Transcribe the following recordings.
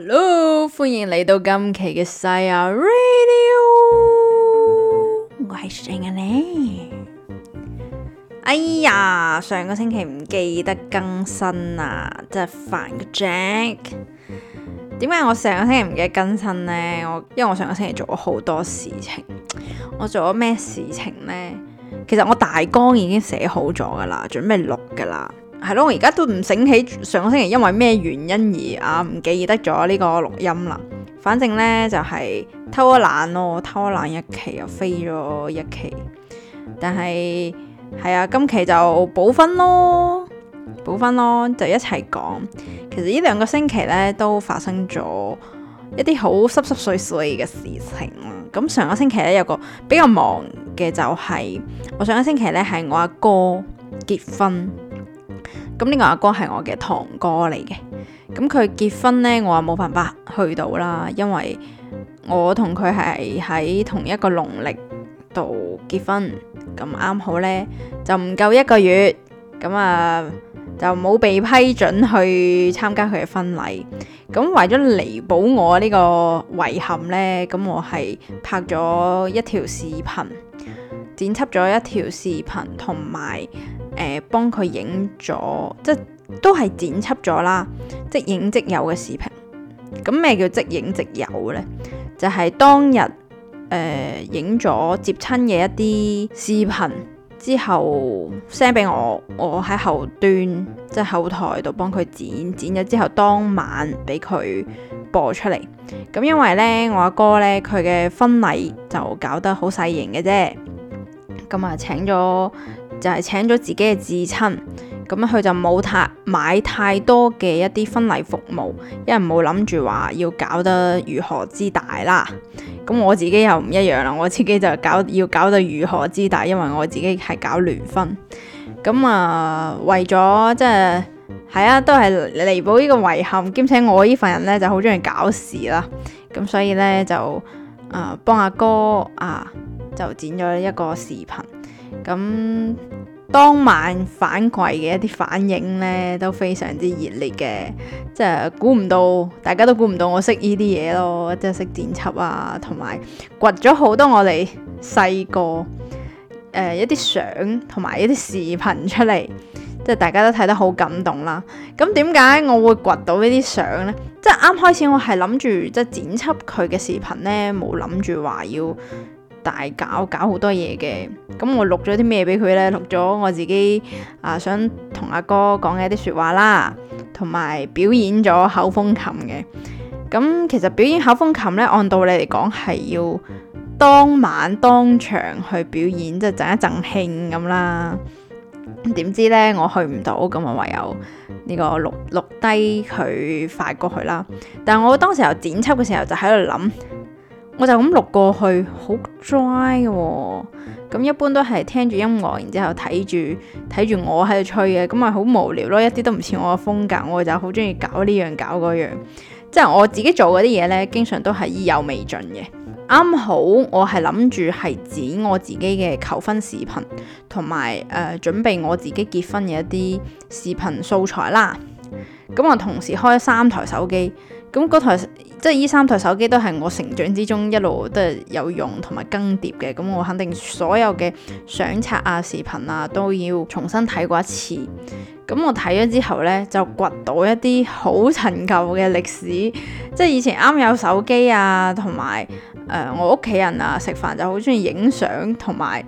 Hello，歡迎嚟到今期嘅《細眼 Radio》，我係細眼 Lam。哎呀，上個星期唔記得更新啊，真係煩個 Jack。點解我上個星期唔記得更新呢？我因為我上個星期做咗好多事情，我做咗咩事情呢？其實我大綱已經寫好咗噶啦，準備錄噶啦。係咯，我而家都唔醒起上個星期因為咩原因而啊唔記得咗呢個錄音啦。反正呢就係、是、偷一懶咯，偷懶一期又飛咗一期，但係係啊，今期就補分咯，補分咯就一齊講。其實呢兩個星期呢都發生咗一啲好濕濕碎碎嘅事情。咁上個星期呢，有個比較忙嘅就係、是、我上個星期呢係我阿哥，哥結婚。咁呢個阿哥係我嘅堂哥嚟嘅，咁佢結婚呢，我啊冇辦法去到啦，因為我同佢係喺同一個農曆度結婚，咁啱好呢，就唔夠一個月，咁啊就冇被批准去參加佢嘅婚禮。咁為咗彌補我呢個遺憾呢，咁我係拍咗一條視頻，剪輯咗一條視頻，同埋。誒，幫佢影咗，即都係剪輯咗啦，即影即有嘅視頻。咁咩叫即影即有呢？就係、是、當日誒影咗接親嘅一啲視頻之後 send 俾我，我喺後端即係後台度幫佢剪剪咗之後，當晚俾佢播出嚟。咁因為呢，我阿哥、哥呢，佢嘅婚禮就搞得好細型嘅啫，咁啊請咗。就係請咗自己嘅至親，咁佢就冇太買太多嘅一啲婚禮服務，因為冇諗住話要搞得如何之大啦。咁我自己又唔一樣啦，我自己就搞要搞得如何之大，因為我自己係搞聯婚。咁啊、呃、為咗即係係啊，都係彌補呢個遺憾，兼且我呢份人呢就好中意搞事啦。咁所以呢，就、呃、幫啊幫阿哥啊就剪咗一個視頻。咁、嗯、當晚反饋嘅一啲反應咧都非常之熱烈嘅，即係估唔到，大家都估唔到我識呢啲嘢咯，即係識剪輯啊，同埋掘咗好多我哋細個誒一啲相同埋一啲視頻出嚟，即係大家都睇得好感動啦。咁點解我會掘到呢啲相呢？即係啱開始我係諗住即係剪輯佢嘅視頻呢，冇諗住話要。大搞搞好多嘢嘅，咁我錄咗啲咩俾佢呢？錄咗我自己啊、呃，想同阿哥講嘅一啲說話啦，同埋表演咗口風琴嘅。咁其實表演口風琴呢，按道理嚟講係要當晚當場去表演，即係贈一贈興咁啦。點知呢？我去唔到，咁我唯有呢個錄錄低佢發過去啦。但係我當時又剪輯嘅時候就喺度諗。我就咁錄過去，好 dry 嘅喎、哦。咁一般都係聽住音樂，然之後睇住睇住我喺度吹嘅，咁咪好無聊咯。一啲都唔似我嘅風格，我就好中意搞呢樣搞嗰樣。即係我自己做嗰啲嘢呢，經常都係意猶未盡嘅。啱好我係諗住係剪我自己嘅求婚視頻，同埋誒準備我自己結婚嘅一啲視頻素材啦。咁我同時開咗三台手機。咁嗰台即係依三台手機都係我成長之中一路都係有用同埋更迭嘅，咁我肯定所有嘅相冊啊、視頻啊都要重新睇過一次。咁我睇咗之後呢，就掘到一啲好陳舊嘅歷史，即係以前啱有手機啊，同埋誒我屋企人啊食飯就好中意影相，同埋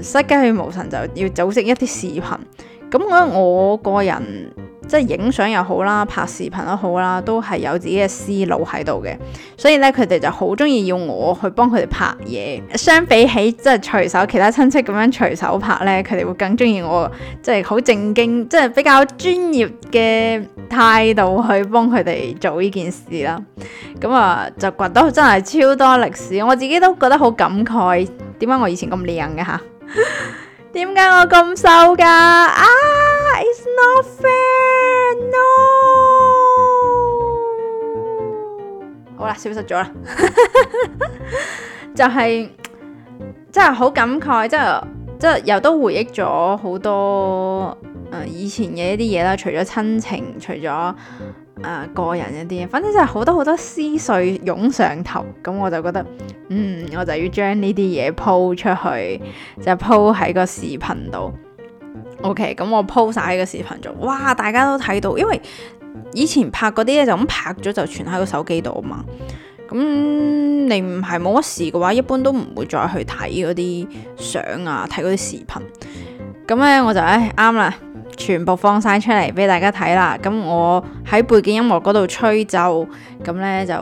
誒失驚無神就要組織一啲視頻。咁我個人。即係影相又好啦，拍視頻都好啦，都係有自己嘅思路喺度嘅。所以咧，佢哋就好中意要我去幫佢哋拍嘢。相比起即係隨手其他親戚咁樣隨手拍咧，佢哋會更中意我即係好正經，即係比較專業嘅態度去幫佢哋做呢件事啦。咁啊，就掘到真係超多歷史，我自己都覺得好感慨。點解我以前咁靚嘅吓？點 解我咁瘦噶啊？係，唔係？好啦，消失咗啦、 就是。就係真係好感慨，即係即係又都回憶咗好多、呃、以前嘅一啲嘢啦。除咗親情，除咗誒、呃、個人一啲嘢，反正就係好多好多思緒湧上頭。咁我就覺得，嗯，我就要將呢啲嘢鋪出去，就鋪、是、喺個視頻度。OK 咁我鋪晒呢個視頻咗，哇！大家都睇到，因為以前拍嗰啲咧就咁拍咗就存喺個手機度啊嘛。咁你唔係冇乜事嘅話，一般都唔會再去睇嗰啲相啊，睇嗰啲視頻。咁咧我就唉啱啦。哎全部放晒出嚟俾大家睇啦！咁我喺背景音樂嗰度吹奏，咁呢就誒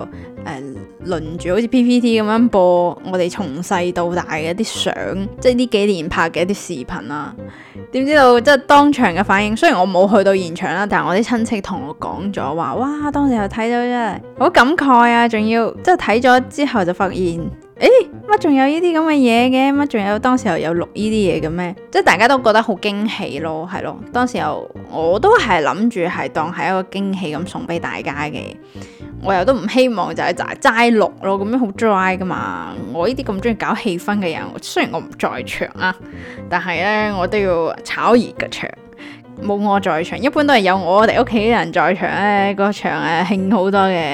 輪住好似 PPT 咁樣播我哋從細到大嘅一啲相，即係呢幾年拍嘅一啲視頻啦，啊。點知道即係當場嘅反應？雖然我冇去到現場啦，但係我啲親戚同我講咗話，哇！當時又睇到真係好感慨啊！仲要即係睇咗之後就發現。誒，乜仲有呢啲咁嘅嘢嘅？乜仲有當時候有錄呢啲嘢嘅咩？即係大家都覺得好驚喜咯，係咯。當時候我都係諗住係當係一個驚喜咁送俾大家嘅。我又都唔希望就係就係齋錄咯，咁樣好 dry 噶嘛。我呢啲咁中意搞氣氛嘅人，雖然我唔在場啊，但係呢，我都要炒熱個場。冇我在場，一般都係有我哋屋企人在場咧，個場誒興好多嘅。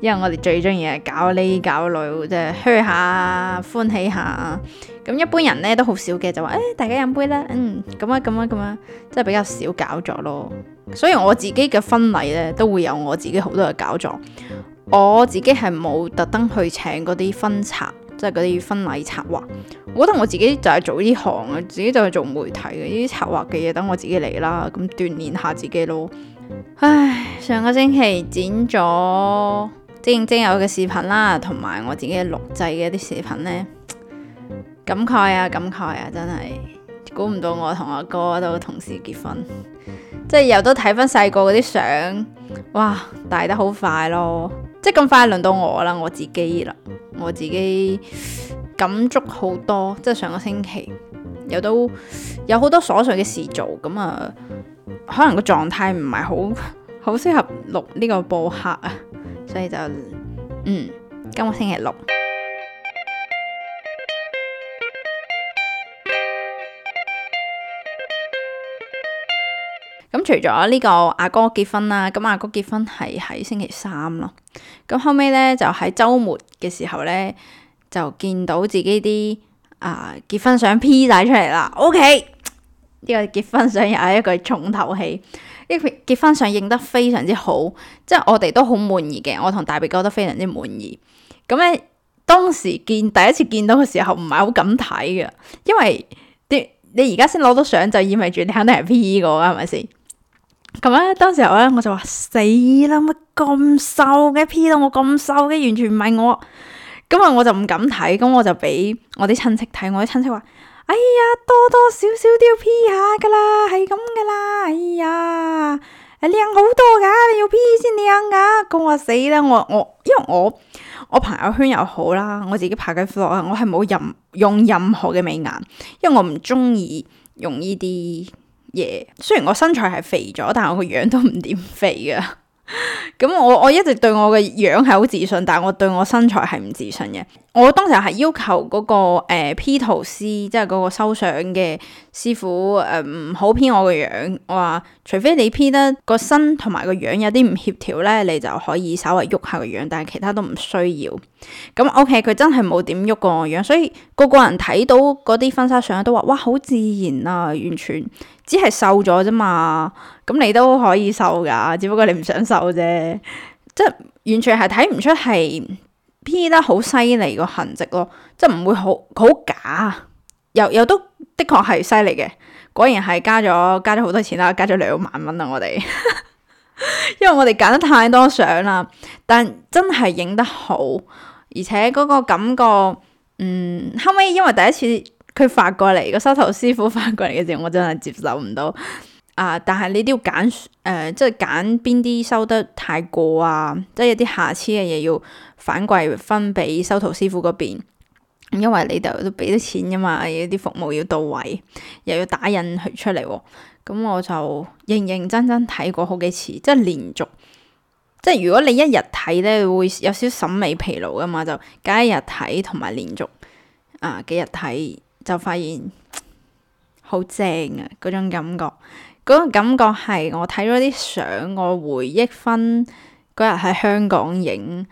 因為我哋最中意係搞呢搞女，即係嘘下歡喜下。咁一般人咧都好少嘅，就話誒、哎、大家飲杯啦，嗯咁啊咁啊咁啊，即係、啊啊、比較少搞作咯。所以我自己嘅婚禮咧都會有我自己好多嘅搞作，我自己係冇特登去請嗰啲婚茶。即係嗰啲婚禮策劃，我覺得我自己就係做呢行嘅，自己就係做媒體嘅，呢啲策劃嘅嘢等我自己嚟啦，咁鍛鍊下自己咯。唉，上個星期剪咗即影即有嘅視頻啦，同埋我自己錄製嘅一啲視頻呢。感慨啊感慨啊，真係估唔到我同阿哥都同時結婚，即係又都睇翻細個嗰啲相，哇大得好快咯～即咁快輪到我啦，我自己啦，我自己感觸好多。即上個星期又都有好多瑣碎嘅事做，咁啊，可能個狀態唔係好，好適合錄呢個播客啊，所以就嗯，今個星期六。咁除咗呢個阿哥結婚啦，咁阿哥結婚係喺星期三咯。咁後尾咧就喺周末嘅時候咧，就見到自己啲啊、呃、結婚相 P 晒出嚟啦。OK，呢個結婚相又係一個重頭戲。呢、這、片、個、結婚相影得非常之好，即係我哋都好滿意嘅。我同大鼻哥都非常之滿意。咁咧當時見第一次見到嘅時候，唔係好敢睇嘅，因為啲。你而家先攞到相就意味住你肯定係 P 過啦，係咪先？咁、嗯、咧，當時候咧我就話死啦，乜咁瘦嘅 P 到我咁瘦嘅，完全唔係我。咁啊，我就唔敢睇，咁我就俾我啲親戚睇，我啲親戚話：哎呀，多多少少都要 P 下噶啦，係咁噶啦，哎呀！係靚好多噶，你要 P 先靚噶咁我死啦！我我因為我我朋友圈又好啦，我自己拍嘅相啊，我係冇任用任何嘅美顏，因為我唔中意用呢啲嘢。雖然我身材係肥咗，但係我個樣都唔點肥噶。咁 我我一直對我嘅樣係好自信，但我對我身材係唔自信嘅。我當時係要求嗰、那個、呃、P 圖師，即係嗰個修相嘅師傅，誒、呃、唔好 P 我嘅樣。我話除非你 P 得個身同埋個樣有啲唔協調咧，你就可以稍微喐下個樣，但係其他都唔需要。咁 O K，佢真係冇點喐過我樣，所以個個人睇到嗰啲婚紗相都話：哇，好自然啊，完全只係瘦咗啫嘛。咁你都可以瘦噶，只不過你唔想瘦啫，即係完全係睇唔出係。P 得好犀利個痕迹咯即係唔會好好假，又又都的確係犀利嘅。果然係加咗加咗好多錢啦，加咗兩萬蚊啦，我哋。 因為我哋揀得太多相啦，但真係影得好，而且嗰個感覺，嗯，後尾因為第一次佢發過嚟個修圖師傅發過嚟嘅時候，我真係接受唔到。啊！但係你都要揀誒，即係揀邊啲收得太過啊，即係有啲瑕疵嘅嘢要。反季分俾修圖師傅嗰邊，因為你就都俾啲錢噶嘛，要啲服務要到位，又要打印佢出嚟。咁我就認認真真睇過好幾次，即係連續。即係如果你一日睇咧，會有少審美疲勞噶嘛，就隔一日睇同埋連續啊幾日睇就發現好正啊嗰種感覺，嗰種感覺係我睇咗啲相，我回憶返嗰日喺香港影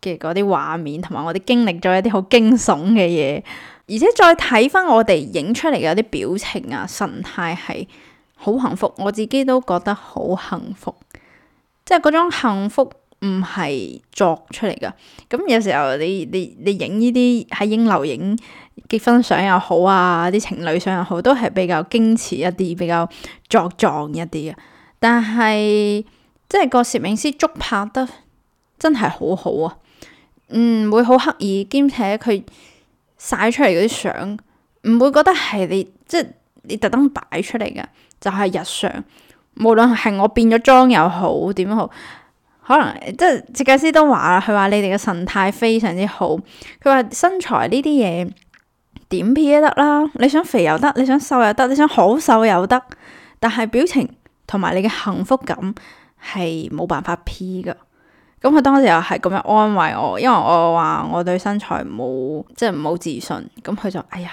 嘅嗰啲畫面，同埋我哋經歷咗一啲好驚悚嘅嘢，而且再睇翻我哋影出嚟嘅啲表情啊、神態係好幸福，我自己都覺得好幸福。即係嗰種幸福唔係作出嚟噶。咁有時候你你你影呢啲喺影樓影結婚相又好啊，啲情侶相又好，都係比較矜持一啲，比較作狀一啲啊，但係即係個攝影師抓拍得真係好好啊！嗯，會好刻意，兼且佢晒出嚟嗰啲相，唔會覺得係你即係、就是、你特登擺出嚟嘅，就係、是、日常。無論係我變咗裝又好點都好，可能即係、就是、設計師都話啦，佢話你哋嘅神態非常之好。佢話身材呢啲嘢點 P 都得啦，你想肥又得，你想瘦又得，你想好瘦又得，但係表情同埋你嘅幸福感係冇辦法 P 嘅。咁佢當時又係咁樣安慰我，因為我話我對身材冇即係冇自信，咁佢就哎呀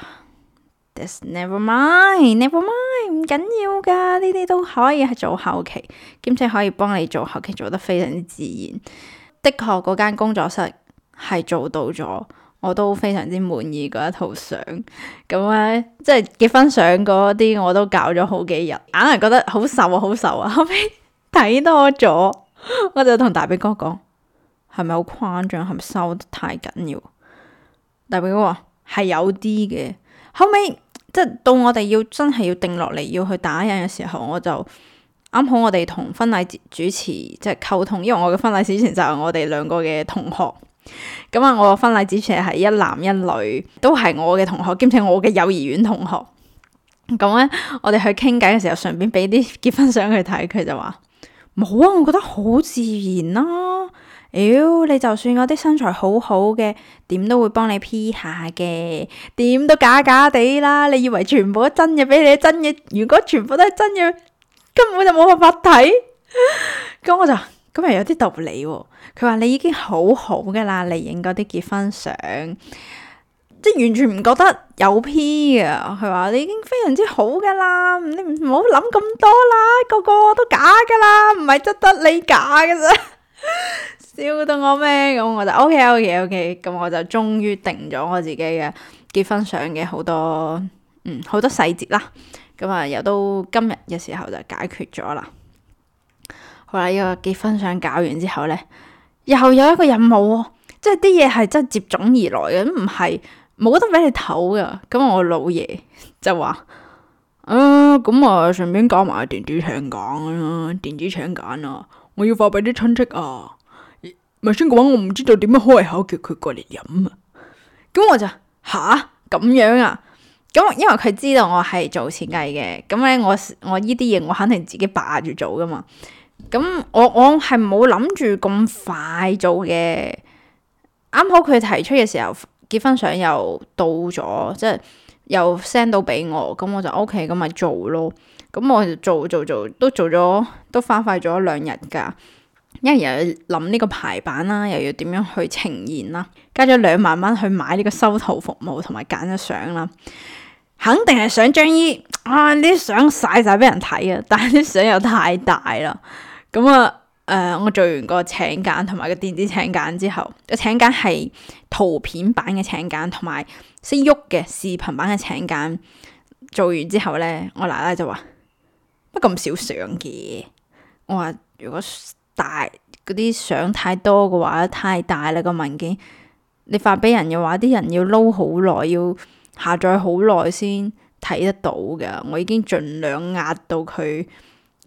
，that's never mind，never mind，唔緊要噶，呢啲都可以係做後期，兼且可以幫你做後期做得非常之自然。的確，嗰間工作室係做到咗，我都非常之滿意嗰一套相。咁咧、嗯，即係結婚相嗰啲，我都搞咗好幾日，硬係覺得好瘦啊，好瘦啊，後尾睇多咗。 我就同大鼻哥講，係咪好誇張，係咪收得太緊要？大鼻哥話係有啲嘅。後尾即係到我哋要真係要定落嚟，要去打印嘅時候，我就啱好我哋同婚禮主持即係溝通，因為我嘅婚禮主持就係我哋兩個嘅同學。咁啊，我婚禮主持係一男一女，都係我嘅同學，兼且我嘅幼兒園同學。咁咧，我哋去傾偈嘅時候，順便俾啲結婚相佢睇，佢就話。冇啊，我覺得好自然啦、啊。妖、哎，你就算嗰啲身材好好嘅，點都會幫你 P 下嘅，點都假假地啦。你以為全部都真嘅，俾你的真嘅？如果全部都係真嘅，根本就冇辦法睇。咁 我就咁係有啲道理、啊。佢話你已經好好噶啦，嚟影嗰啲結婚相。即係完全唔覺得有 P 嘅，佢話你已經非常之好噶啦，你唔好諗咁多啦，個個都假噶啦，唔係真得你假嘅咋。笑到我咩？咁我就 O K O K O K，咁我就終於定咗我自己嘅結婚相嘅好多嗯好多細節啦，咁、嗯、啊又到今日嘅時候就解決咗啦。好啦，呢、這個結婚相搞完之後咧，又有一個任務、哦，即係啲嘢係真係接踵而來嘅，唔係。冇得俾你唞噶，咁我老爺就話，啊咁啊，順便搞埋電子請柬啦，電子請柬啊，我要發俾啲親戚啊，咪先講，我唔知道點樣開口叫佢過嚟飲啊，咁、啊、我就吓咁、啊、樣啊，咁因為佢知道我係做設計嘅，咁咧我我呢啲嘢我肯定自己霸住做噶嘛，咁我我係冇諗住咁快做嘅，啱好佢提出嘅時候。結婚相又到咗，即係又 send 到俾我，咁我就 OK，咁咪做咯。咁我就做做做，都做咗，都花費咗兩日噶。因為又要諗呢個排版啦，又要點樣去呈現啦，加咗兩萬蚊去買呢個修圖服務同埋揀咗相啦。肯定係想將依啊啲相晒晒俾人睇啊，但係啲相又太大啦，咁啊。誒，uh, 我做完個請柬同埋個電子請柬之後，個請柬係圖片版嘅請柬，同埋識喐嘅視頻版嘅請柬。做完之後咧，我奶奶就話：乜咁 少相嘅？我話如果大嗰啲相太多嘅話，太大啦個文件，你發俾人嘅話，啲人要，人要撈好耐，要下載好耐先睇得到噶。我已經盡量壓到佢。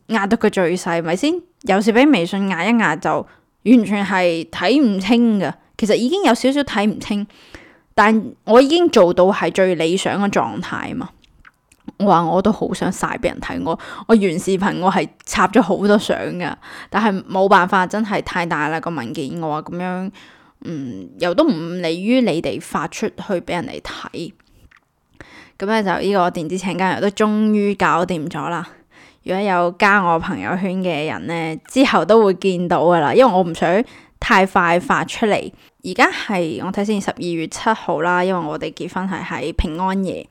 壓到佢最細，咪先有時俾微信壓一壓就完全係睇唔清㗎。其實已經有少少睇唔清，但我已經做到係最理想嘅狀態啊！嘛，我話我都好想晒俾人睇我我原視頻，我係插咗好多相噶，但係冇辦法，真係太大啦個文件，我話咁樣，嗯又都唔利於你哋發出去俾人哋睇。咁咧就呢個電子請柬又都終於搞掂咗啦。如果有加我朋友圈嘅人咧，之後都會見到噶啦，因為我唔想太快發出嚟。而家係我睇先十二月七號啦，因為我哋結婚係喺平安夜。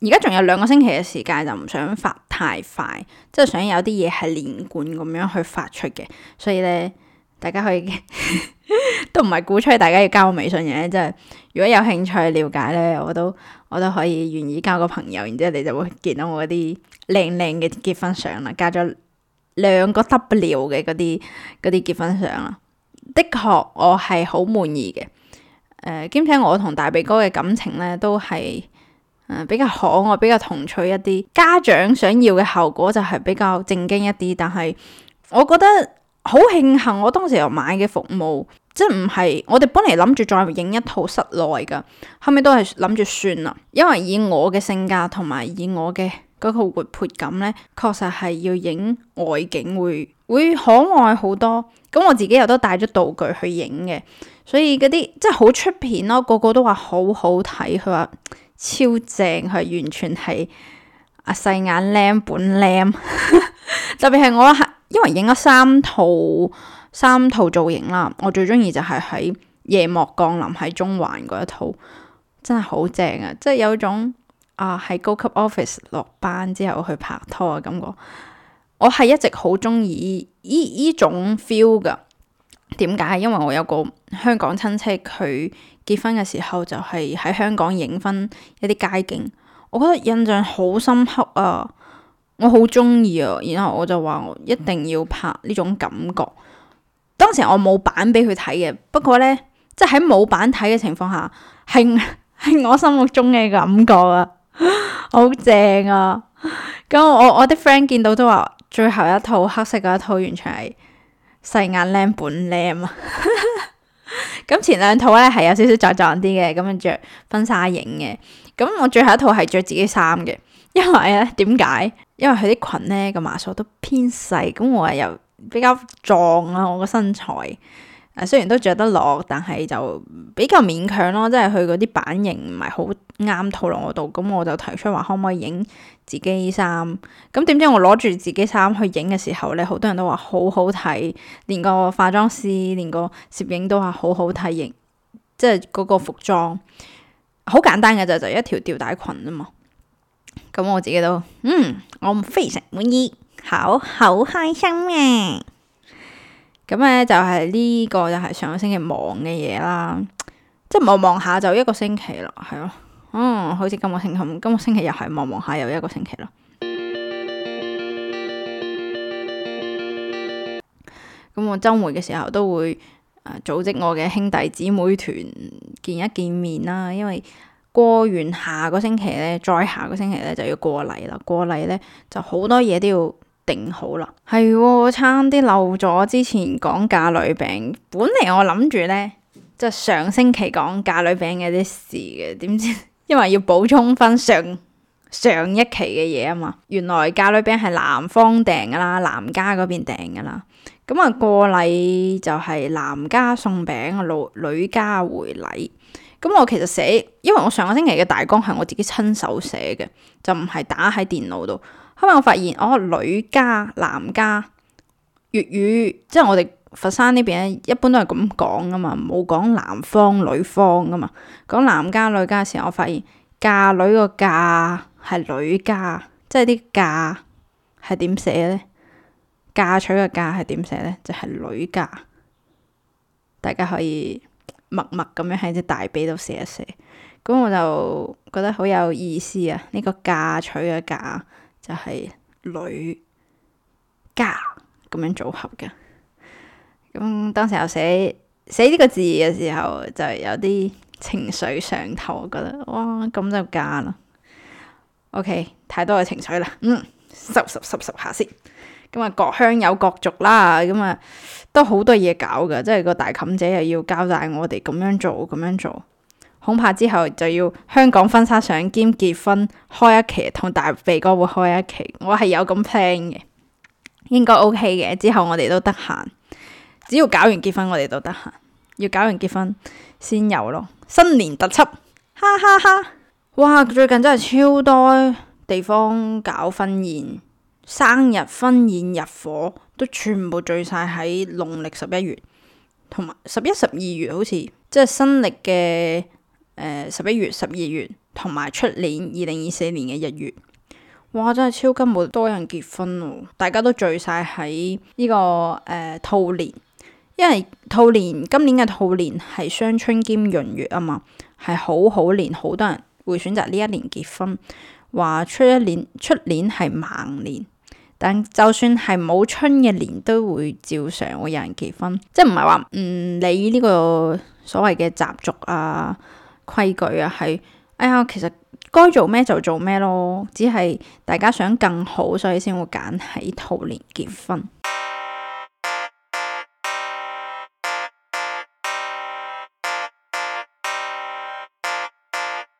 而家仲有兩個星期嘅時間，就唔想發太快，即係想有啲嘢係連貫咁樣去發出嘅。所以咧，大家可以 都唔係鼓吹大家要加我微信嘅，即係如果有興趣了解咧，我都。我都可以願意交個朋友，然之後你就會見到我啲靚靚嘅結婚相啦，加咗兩個 W 嘅嗰啲嗰啲結婚相啦。的確，呃、我係好滿意嘅。誒，兼且我同大鼻哥嘅感情咧，都係誒比較可愛、比較同趣一啲。家長想要嘅效果就係比較正經一啲，但係我覺得好慶幸，我當時有買嘅服務。即係唔係，我哋本嚟諗住再影一套室內噶，後尾都係諗住算啦。因為以我嘅性格同埋以，以我嘅嗰個活潑感咧，確實係要影外景會會可愛好多。咁我自己又都帶咗道具去影嘅，所以嗰啲即係好出片咯。個個都話好好睇，佢話超正，係完全係啊細眼靚本靚。 特別係我因為影咗三套。三套造型啦，我最中意就係喺夜幕降臨喺中環嗰一套，真係好正啊！即係有種啊喺高級 office 落班之後去拍拖嘅感覺。我係一直好中意依依種 feel 噶。點解？因為我有個香港親戚佢結婚嘅時候就係喺香港影婚一啲街景，我覺得印象好深刻啊！我好中意啊，然後我就話我一定要拍呢種感覺。嗯當時我冇版俾佢睇嘅，不過咧，即係喺冇版睇嘅情況下，係喺我心目中嘅感覺啊， 好正啊！咁我我啲 friend 見到都話最後一套黑色嗰一套完全係細眼靚本靚啊！咁 前兩套咧，係有少少撞撞啲嘅，咁啊着婚紗影嘅，咁我最後一套係着自己衫嘅，因為咧點解？因為佢啲裙咧個碼數都偏細，咁我係由……比較壯啊，我個身材啊，雖然都着得落，但係就比較勉強咯。即係佢嗰啲版型唔係好啱套落我度，咁我就提出話可唔可以影自己衫。咁點知我攞住自己衫去影嘅時候咧，好多人都話好好睇，連個化妝師、連個攝影都話好好睇型。即係嗰個服裝好簡單嘅就就一條吊帶裙吖嘛。咁我自己都嗯，我非常滿意。好，好開心啊！咁咧就係、是、呢個就係上個星期忙嘅嘢啦，即係忙忙下就一個星期咯，係咯、啊，嗯，好似今個星期，今個星期又係忙忙下又一個星期咯。咁 我周末嘅時候都會啊組織我嘅兄弟姊妹團見一見面啦，因為過完下個星期咧，再下個星期咧就要過禮啦，過禮咧就好多嘢都要。定好啦，係、哦、差啲漏咗。之前講嫁女餅，本嚟，我諗住咧即係上星期講嫁女餅嘅啲事嘅，點知因為要補充翻上上一期嘅嘢啊嘛。原來嫁女餅係男方訂噶啦，男家嗰邊訂噶啦。咁啊過禮就係男家送餅，女、女家回禮。咁我其實寫，因為我上個星期嘅大綱係我自己親手寫嘅，就唔係打喺電腦度。後尾我發現，哦，女家、男家、粵語，即係我哋佛山呢邊咧，一般都係咁講㗎嘛，冇講男方、女方㗎嘛。講男家、女家嘅時候，我發現嫁女個嫁係女家，即係啲嫁係點寫咧？嫁娶嘅嫁係點寫咧？就係女家。大家可以默默咁樣喺隻大髀度寫一寫，咁我就覺得好有意思啊！呢個嫁娶嘅嫁。就係女家咁樣組合嘅，咁當時又寫寫呢個字嘅時候，就有啲情緒上頭，我覺得哇，咁就嫁啦。OK，太多嘅情緒啦，嗯，收拾收拾下先。咁啊，各鄉有各族啦，咁啊都好多嘢搞噶，即係個大冚姐又要交代我哋咁樣做，咁樣做。恐怕之後就要香港婚紗相兼結婚開一期，同大鼻哥會開一期。我係有咁 plan 嘅，應該 OK 嘅。之後我哋都得閒，只要搞完結婚，我哋都得閒。要搞完結婚先有咯。新年特輯，哈哈哈！哇，最近真係超多地方搞婚宴、生日婚宴入伙，都全部聚晒喺農曆十一月同埋十一、十二月，好似即係新曆嘅。誒，十一、呃、月、十二月同埋出年二零二四年嘅一月，哇，真係超級，冇多人結婚哦、啊。大家都聚晒喺呢個誒兔、呃、年，因為兔年今年嘅兔年係雙春兼閏月啊嘛，係好好年，好多人會選擇呢一年結婚。話出一年出年係盲年，但就算係冇春嘅年，都會照常會有人結婚，即係唔係話唔理呢個所謂嘅習俗啊。規矩啊，係哎呀，其實該做咩就做咩咯，只係大家想更好，所以先會揀喺兔年結婚。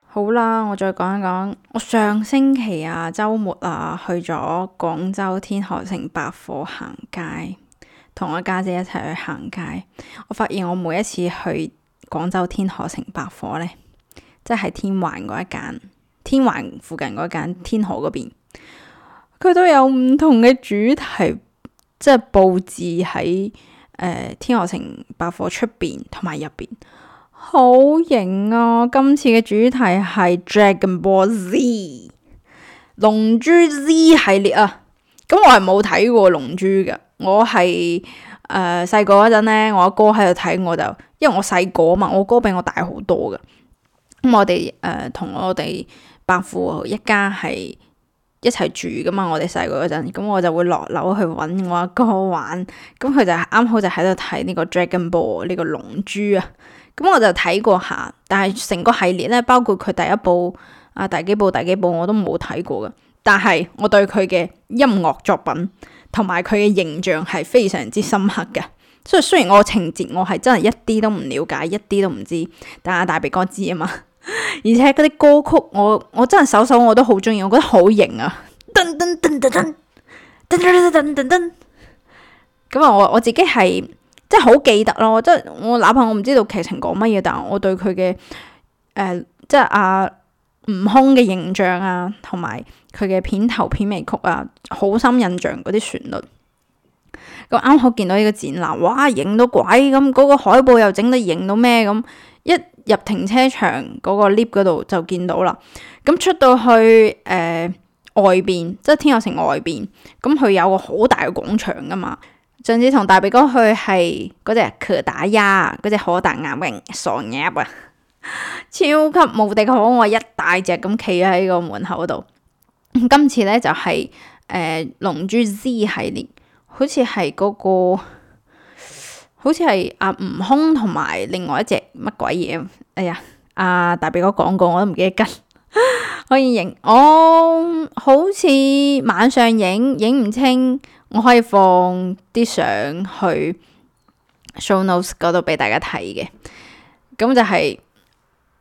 好啦，我再講一講，我上星期啊，周末啊，去咗廣州天河城百貨行街，同我家姐，姐一齊去行街，我發現我每一次去。廣州天河城百貨呢，即係天環嗰一間，天環附近嗰一間天河嗰邊，佢都有唔同嘅主題，即係布置喺誒、呃、天河城百貨出邊同埋入邊，好型啊！今次嘅主題係《Dragon Ball Z》龍珠 Z 系列啊，咁我係冇睇過龍珠噶，我係。誒細個嗰陣咧，我阿哥喺度睇我就，因為我細個啊嘛，我哥比我大好多嘅。咁、嗯、我哋誒同我哋伯父一家係一齊住噶嘛，我哋細個嗰陣，咁我就會落樓去揾我阿哥玩。咁、嗯、佢就啱好就喺度睇呢個 Dragon Ball 呢個龍珠啊。咁、嗯、我就睇過下，但係成個系列咧，包括佢第一部啊、第幾部、第幾部我都冇睇過嘅。但係我對佢嘅音樂作品，同埋佢嘅形象係非常之深刻嘅，所以雖然我情節我係真係一啲都唔了解，一啲都唔知，但阿大鼻哥知啊嘛。而且嗰啲歌曲，我我真係首首我都好中意，我覺得好型啊！噔噔噔噔噔噔噔噔噔噔咁啊，我我自己係即係好記得咯，即係我哪怕我唔知道劇情講乜嘢，但係我對佢嘅誒，即係阿悟空嘅形象啊，同埋。佢嘅片頭片尾曲啊，好深印象嗰啲旋律。咁啱好見到呢個展覽，哇！影到鬼咁，嗰個海報又整得影到咩咁。一入停車場嗰、那個 lift 嗰度就見到啦。咁出到去誒、呃、外邊，即係天河城外邊，咁佢有個好大嘅廣場噶嘛。上次同大鼻哥去係嗰隻柯打呀，嗰隻可達鴨嘅傻鴨啊， 超級無敵好可愛，一大隻咁企喺個門口度。今次咧就係、是、誒、呃《龍珠 Z》系列，好似係嗰個，好似係阿悟空同埋另外一隻乜鬼嘢？哎呀，阿、啊、大鼻哥講過，我都唔記得跟。 可以影，我、哦、好似晚上影影唔清，我可以放啲相去 Show Notes 嗰度俾大家睇嘅。咁就係、是、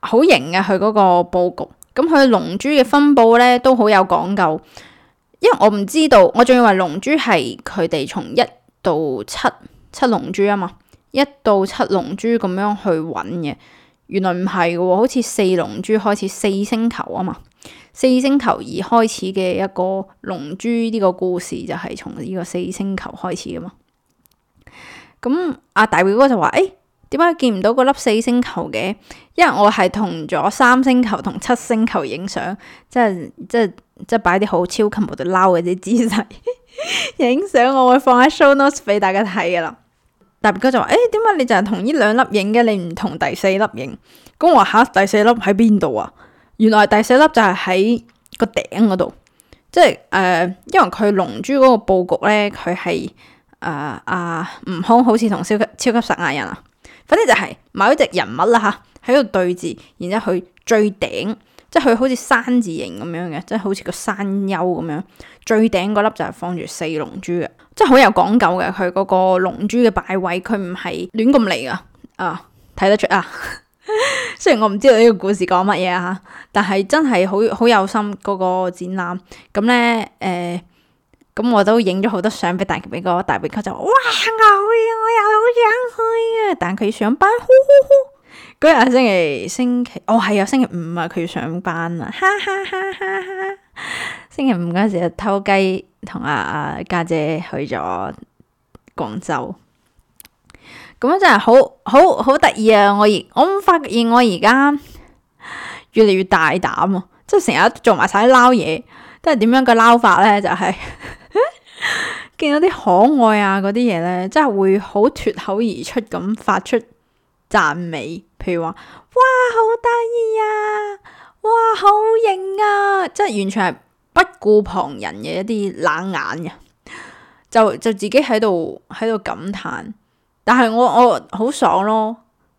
好型呀，佢嗰個佈局。咁佢龍珠嘅分布咧都好有講究，因為我唔知道，我仲以為龍珠係佢哋從一到七七龍珠啊嘛，一到七龍珠咁樣去揾嘅，原來唔係嘅喎，好似四龍珠開始四星球啊嘛，四星球而開始嘅一個龍珠呢個故事就係從呢個四星球開始嘅嘛。咁阿大表哥就話：哎、欸。點解見唔到個粒四星球嘅？因為我係同咗三星球同七星球影相，即係即係即係擺啲好超級冇得嬲嘅啲姿勢影相。 我會放喺 show notes 俾大家睇噶啦。大表哥就話：誒、欸，點解你就係同呢兩粒影嘅？你唔同第四粒影咁？我話吓第四粒喺邊度啊？原來第四粒就係喺個頂嗰度，即係誒、呃，因為佢龍珠嗰個布局咧，佢係誒阿悟空好似同超級超級賽亞人啊。反正就係某一隻人物啦，吓喺度對峙，然之後佢最頂，即係佢好似山字形咁樣嘅，即係好似個山丘咁樣。最頂嗰粒就係放住四龍珠嘅，即係好有講究嘅。佢嗰個龍珠嘅擺位，佢唔係亂咁嚟噶，啊睇得出啊。雖然我唔知道呢個故事講乜嘢啊，但係真係好好有心嗰個展覽。咁咧，誒、呃。咁、嗯、我都影咗好多相俾大杰，俾個大杰哥，就哇，我去，我又好想去啊！但佢要上班，嗰日星期星期哦係啊，星期五啊，佢要上班啊，哈哈哈！哈哈，星期五嗰時偷雞同阿阿家姐去咗廣州，咁真係好好好得意啊！我我發現我而家越嚟越大膽啊，即係成日做埋晒啲撈嘢，都係點樣個撈法咧？就係、是。 見到啲可愛啊，嗰啲嘢咧，真係會好脱口而出咁發出讚美，譬如話哇好得意啊，哇好型啊，即係完全係不顧旁人嘅一啲冷眼嘅，就就自己喺度喺度感嘆。但係我我好爽咯，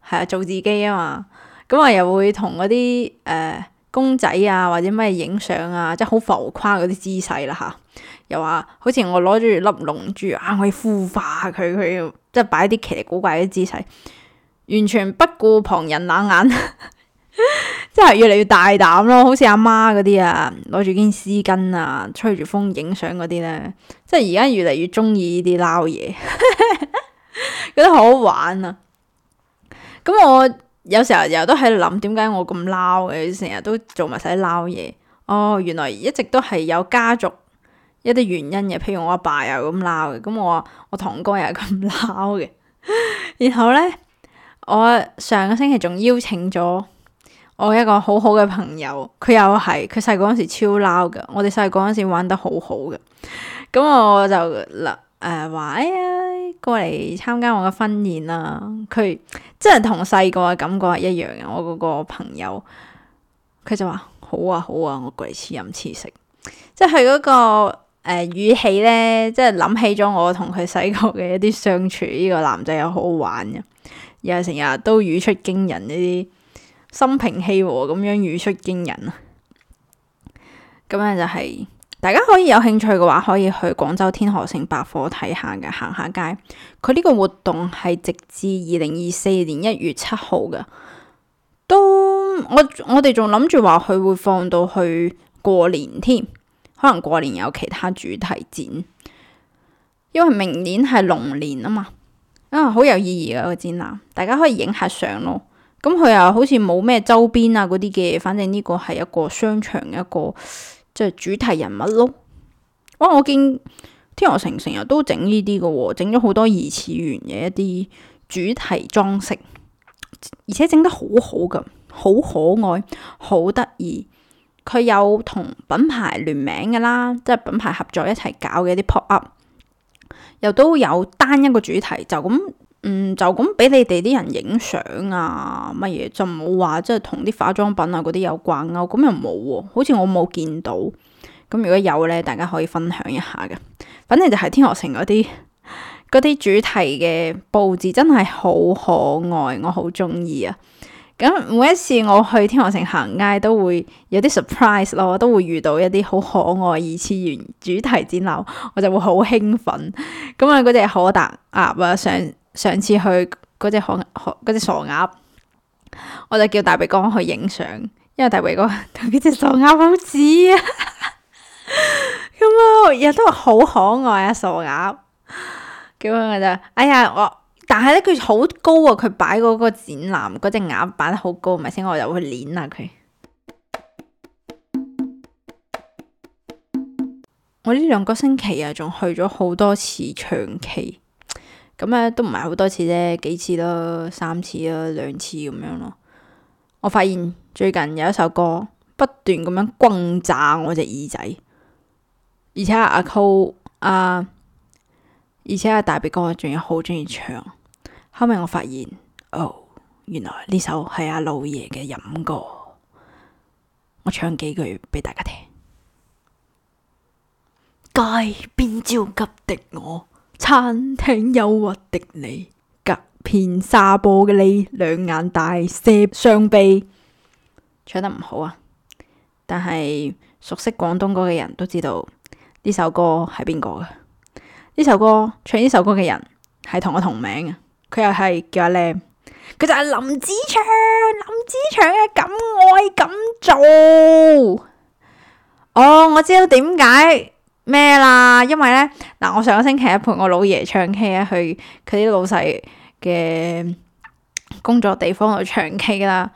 係啊，做自己啊嘛。咁我又會同嗰啲誒公仔啊或者咩影相啊，即係好浮誇嗰啲姿勢啦吓。又話好似我攞住粒龍珠啊，我要孵化佢佢，即係擺啲奇奇古怪嘅姿勢，完全不顧旁人冷眼，即 係越嚟越大膽咯。好似阿媽嗰啲啊，攞住件絲巾啊，吹住風影相嗰啲咧，即係而家越嚟越中意呢啲撈嘢， 覺得好好玩啊！咁我有時候又都喺度諗，點解我咁撈嘅？成日都做埋曬撈嘢。哦，原來一直都係有家族一啲原因嘅，譬如我阿爸又咁鬧嘅，咁我我堂哥又咁鬧嘅， 然後咧，我上個星期仲邀請咗我一個好好嘅朋友，佢又係佢細個嗰時超鬧㗎，我哋細個嗰時玩得好好嘅，咁我就嗱誒話哎呀過嚟參加我嘅婚宴啦，啊，佢真係同細個嘅感覺係一樣嘅，我嗰個朋友佢就話好啊好啊，我過嚟試飲試食，即係嗰、嗰個。誒、呃，語氣咧，即係諗起咗我同佢細個嘅一啲相處，呢、這個男仔又好好玩嘅，又成日都語出驚人，呢啲心平氣和咁樣語出驚人啊！咁咧就係、是，大家可以有興趣嘅話，可以去廣州天河城百貨睇下嘅，行下街。佢呢個活動係直至二零二四年一月七號嘅，都我我哋仲諗住話佢會放到去過年添。可能過年有其他主題展，因為明年係龍年啊嘛，啊好有意義啊個展覽，大家可以影下相咯。咁、嗯、佢又好似冇咩周邊啊嗰啲嘅，反正呢個係一個商場一個即係、就是、主題人物咯。哇！我見天河城成日都整呢啲嘅，整咗好多二次元嘅一啲主題裝飾，而且整得好好㗎，好可愛，好得意。佢有同品牌聯名㗎啦，即係品牌合作一齊搞嘅啲 pop up，又都有單一個主題，就咁嗯，就咁俾你哋啲人影相啊乜嘢，就唔好話即係同啲化妝品啊嗰啲有掛鈎啊，咁又冇喎、啊，好似我冇見到。咁如果有呢，大家可以分享一下嘅。反正就係天河城嗰啲嗰啲主題嘅佈置真係好可愛，我好中意啊！咁每一次我去天河城行街，都會有啲 surprise 咯，都會遇到一啲好可愛二次元主題展覽，我就會好興奮。咁啊，嗰隻可達鴨啊，上上次去嗰隻可可嗰隻傻鴨，我就叫大鼻哥去影相，因為大鼻哥同嗰隻傻鴨好似啊，咁啊日日都話好可愛啊，傻鴨，咁樣我就哎呀我。但係咧，佢好高啊！佢擺嗰個展覽，嗰隻擺得好高，唔係先我又去捻下佢。我呢兩 個星期啊，仲去咗好多次唱 K，咁咧都唔係好多次啫，幾次咯，三次咯，兩次咁樣咯。我發現最近有一首歌不斷咁樣轟炸我隻耳仔，而且阿阿 Co 阿，而且阿、啊、大鼻哥仲要好中意唱。後尾我發現，哦，原來呢首係阿老爺嘅飲歌。我唱幾句俾大家聽。街邊焦急的我，餐廳憂鬱的你，隔片沙波嘅你，兩眼大寫傷悲。唱得唔好啊，但係熟悉廣東歌嘅人都知道呢首歌係邊個嘅。呢首歌唱呢首歌嘅人係同我同名嘅。佢又係叫阿靚，佢就係林子祥，林子祥嘅敢愛敢做。哦，我知道點解咩啦，因為咧，嗱，我上個星期一陪我老爺唱 K 啊,去佢啲老細嘅工作地方度唱 K 啦。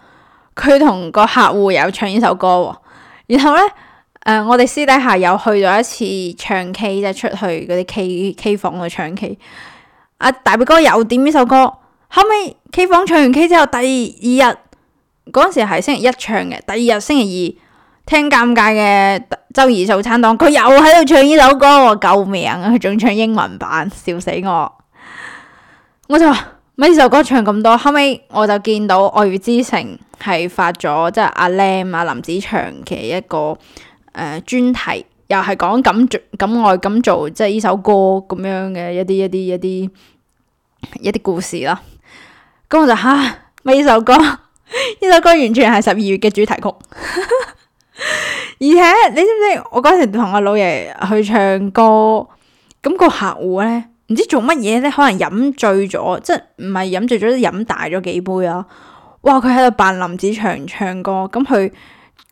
佢同個客戶有唱呢首歌，然後咧，誒、呃，我哋私底下有去咗一次唱 K，即係出去嗰啲 K K 房度唱 K。阿、啊、大表哥又點呢首歌，後尾 K 房唱完 K 之後，第二日嗰陣時係星期一唱嘅，第二日星期二聽尷尬嘅周二早餐檔，佢又喺度唱呢首歌，救命啊！佢仲唱英文版，笑死我！我就話咪呢首歌唱咁多，後尾我就見到《愛與之城》係發咗即係阿 Lam 阿林子祥嘅一個誒、呃、專題。又係講敢做敢愛敢做，即係呢首歌咁樣嘅一啲一啲一啲一啲故事啦。咁我就吓，咪、啊、呢首歌，呢 首歌完全係十二月嘅主題曲。 而且你知唔知？我嗰時同阿老爺去唱歌，咁、那個客戶咧唔知做乜嘢咧，可能飲醉咗，即係唔係飲醉咗，飲大咗幾杯啦、啊。哇！佢喺度扮林子祥唱歌，咁佢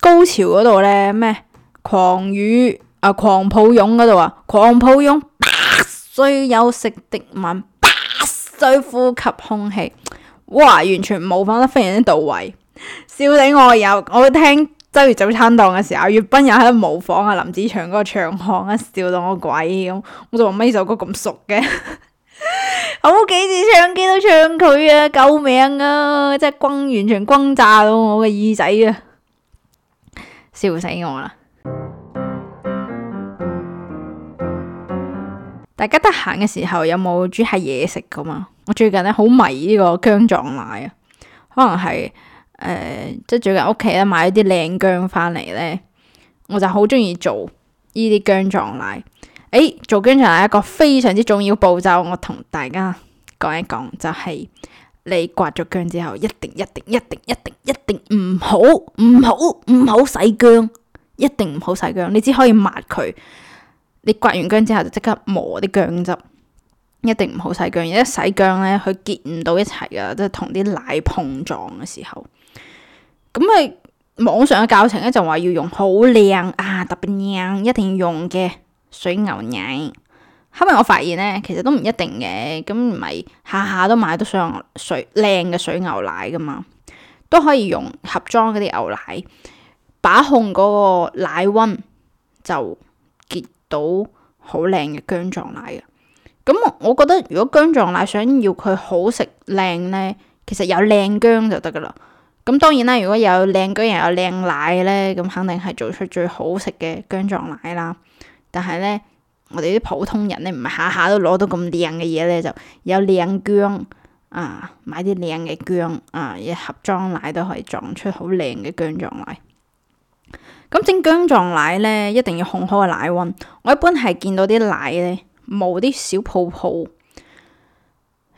高潮嗰度咧咩狂語？啊！狂抱擁嗰度啊！狂抱擁，不需有食的吻，不需呼吸空氣。哇！完全模仿得非常之到位，笑死我有！又我聽《周日早餐檔》嘅時候，岳斌又喺度模仿阿林子祥嗰個唱腔，啊，笑到我鬼咁，我就話咩？呢首歌咁熟嘅，好幾次唱機都唱佢啊！救命啊！真係轟完全轟炸到我嘅耳仔啊！笑死我啦！大家得閒嘅時候有冇煮下嘢食噶嘛？我最近咧好迷呢個薑撞奶啊，可能係誒即係最近屋企咧買咗啲靚薑翻嚟咧，我就好中意做呢啲薑撞奶。誒、欸，做薑撞奶一個非常之重要步驟，我同大家講一講，就係、係、你刮咗薑之後，一定一定一定一定一定唔好唔好唔好洗薑，一定唔好，唔好，好洗薑，你只可以抹佢。你刮完姜之後，就即刻磨啲姜汁，一定唔好洗姜。一洗姜咧，佢結唔到一齊噶，即係同啲奶碰撞嘅時候。咁啊，網上嘅教程咧就話要用好靚啊，特別靚，一定要用嘅水牛奶。後面我發現咧，其實都唔一定嘅。咁唔係下下都買得上水靚嘅水，水牛奶噶嘛，都可以用盒裝嗰啲牛奶，把控嗰個奶溫就結。到好靚嘅姜撞奶啊！咁我我覺得如果姜撞奶想要佢好食靚咧，其實有靚姜就得噶啦。咁當然啦，如果有靚姜又有靚奶咧，咁肯定係做出最好食嘅姜撞奶啦。但係咧，我哋啲普通人咧，唔係下下都攞到咁靚嘅嘢咧，就有靚姜啊，買啲靚嘅姜啊，一盒裝奶都可以撞出好靚嘅姜撞奶。咁整薑撞奶呢，一定要控好個奶溫。我一般係見到啲奶呢，冒啲小泡泡，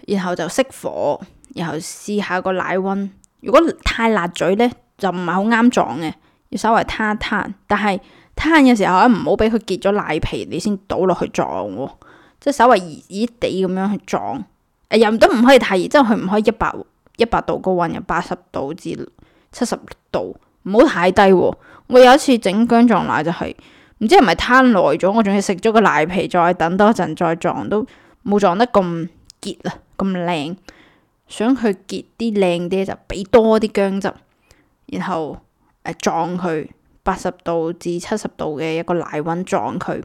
然後就熄火，然後試下個奶溫。如果太辣嘴呢，就唔係好啱撞嘅，要稍微攤攤。但係攤嘅時候呢，唔好俾佢結咗奶皮，你先倒落去撞喎、啊。即係稍微熱熱地咁樣去撞。誒、哎，又都唔可以太熱，即係佢唔可以一百一百度高溫，由八十度至七十度。唔好太低、哦，喎。我有一次整薑撞奶就係、是，唔知係咪攤耐咗，我仲要食咗個奶皮，再等多陣再撞都冇撞得咁結啊，咁靚。想佢結啲靚啲就俾多啲薑汁，然後誒、呃、撞佢八十度至七十度嘅一個奶溫撞佢，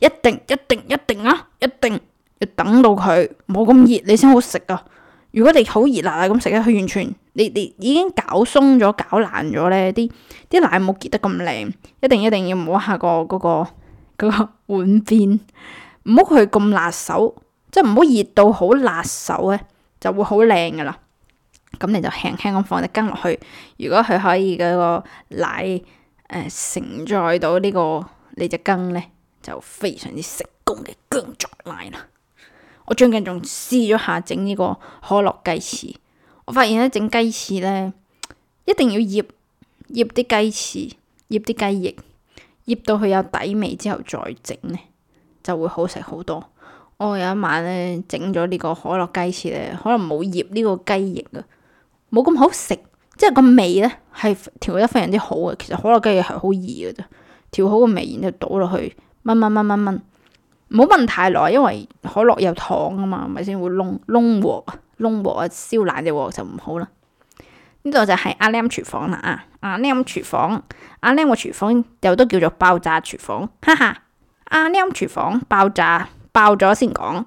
一定一定一定啊，一定要等到佢冇咁熱你先好食啊！如果你好熱辣辣咁食咧，佢完全你你已經攪鬆咗、攪爛咗咧，啲啲奶冇結得咁靚，一定一定要摸下個嗰、嗰個、嗰個碗邊，唔好佢咁辣手，即係唔好熱到好辣手咧，就會好靚噶啦。咁你就輕輕咁放隻羹落去，如果佢可以嗰個奶誒、呃、承載到、呢個、呢個你隻羹咧，就非常之成功嘅姜撞奶啦。我最近仲試咗下整呢個可樂雞翅，我發現咧整雞翅咧一定要醃醃啲雞翅、醃啲雞翼，醃到佢有底味之後再整咧就會好食好多。我有一晚咧整咗呢個可樂雞翅咧，可能冇醃呢個雞翼啊，冇咁好食，即係個味咧係調得非常之好嘅。其實可樂雞翼係好易嘅啫，調好個味然之後倒落去炆炆炆炆炆。蜆蜆蜆蜆蜆蜆蜆唔好燜太耐，因為可樂有糖啊嘛，咪先會㶶㶶鑊，㶶鑊啊燒爛隻鑊就唔好啦。呢度就係阿靚廚房啦啊，阿靚廚房，阿靚個廚房又都叫做爆炸廚房，哈哈，阿靚廚房爆炸爆咗先講，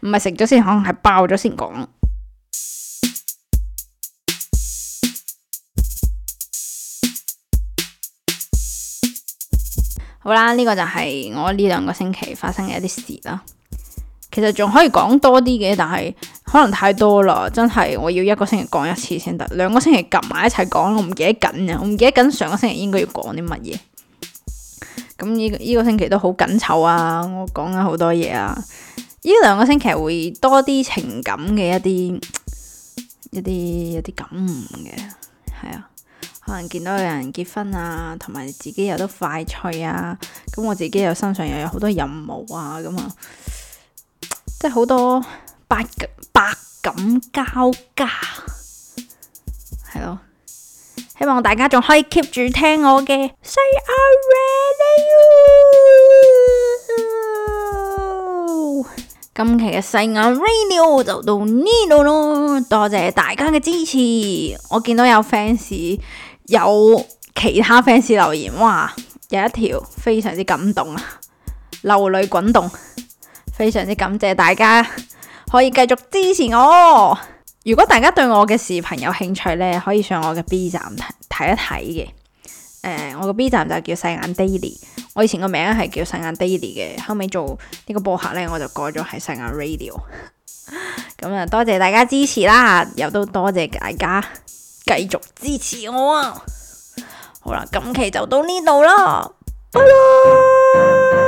唔係食咗先講，係爆咗先講。好啦，呢個就係我呢兩個星期發生嘅一啲事啦。其實仲可以講多啲嘅，但係可能太多啦，真係我要一個星期講一次先得，兩個星期夾埋一齊講，我唔記得緊啊，我唔記得緊上個星期應該要講啲乜嘢。咁呢呢個星期都好緊湊啊，我講咗好多嘢啊。呢兩個星期會多啲情感嘅一啲一啲一啲感悟嘅，係啊。可能見到有人結婚啊，同埋自己有得快脆啊。咁、嗯、我自己又身上又有好多任務啊，咁、嗯、啊、嗯，即係好多百百感交加，係咯。希望大家仲可以 keep 住聽我嘅《細眼 Radio》。今期嘅《細眼 Radio》就到呢度咯，多謝大家嘅支持。我見到有 fans。有其他 fans 留言，哇，有一條非常之感動啊，流淚滾動，非常之感謝大家可以繼續支持我。如果大家對我嘅視頻有興趣呢，可以上我嘅 B 站睇一睇嘅。誒、呃，我個 B 站就叫細眼 Daily，我以前個名係叫細眼 Daily 嘅，後尾做呢個播客呢，我就改咗係細眼 Radio。咁啊，多謝大家支持啦，又都多謝大家。繼續支持我啊！好啦，今期就到呢度啦，拜拜。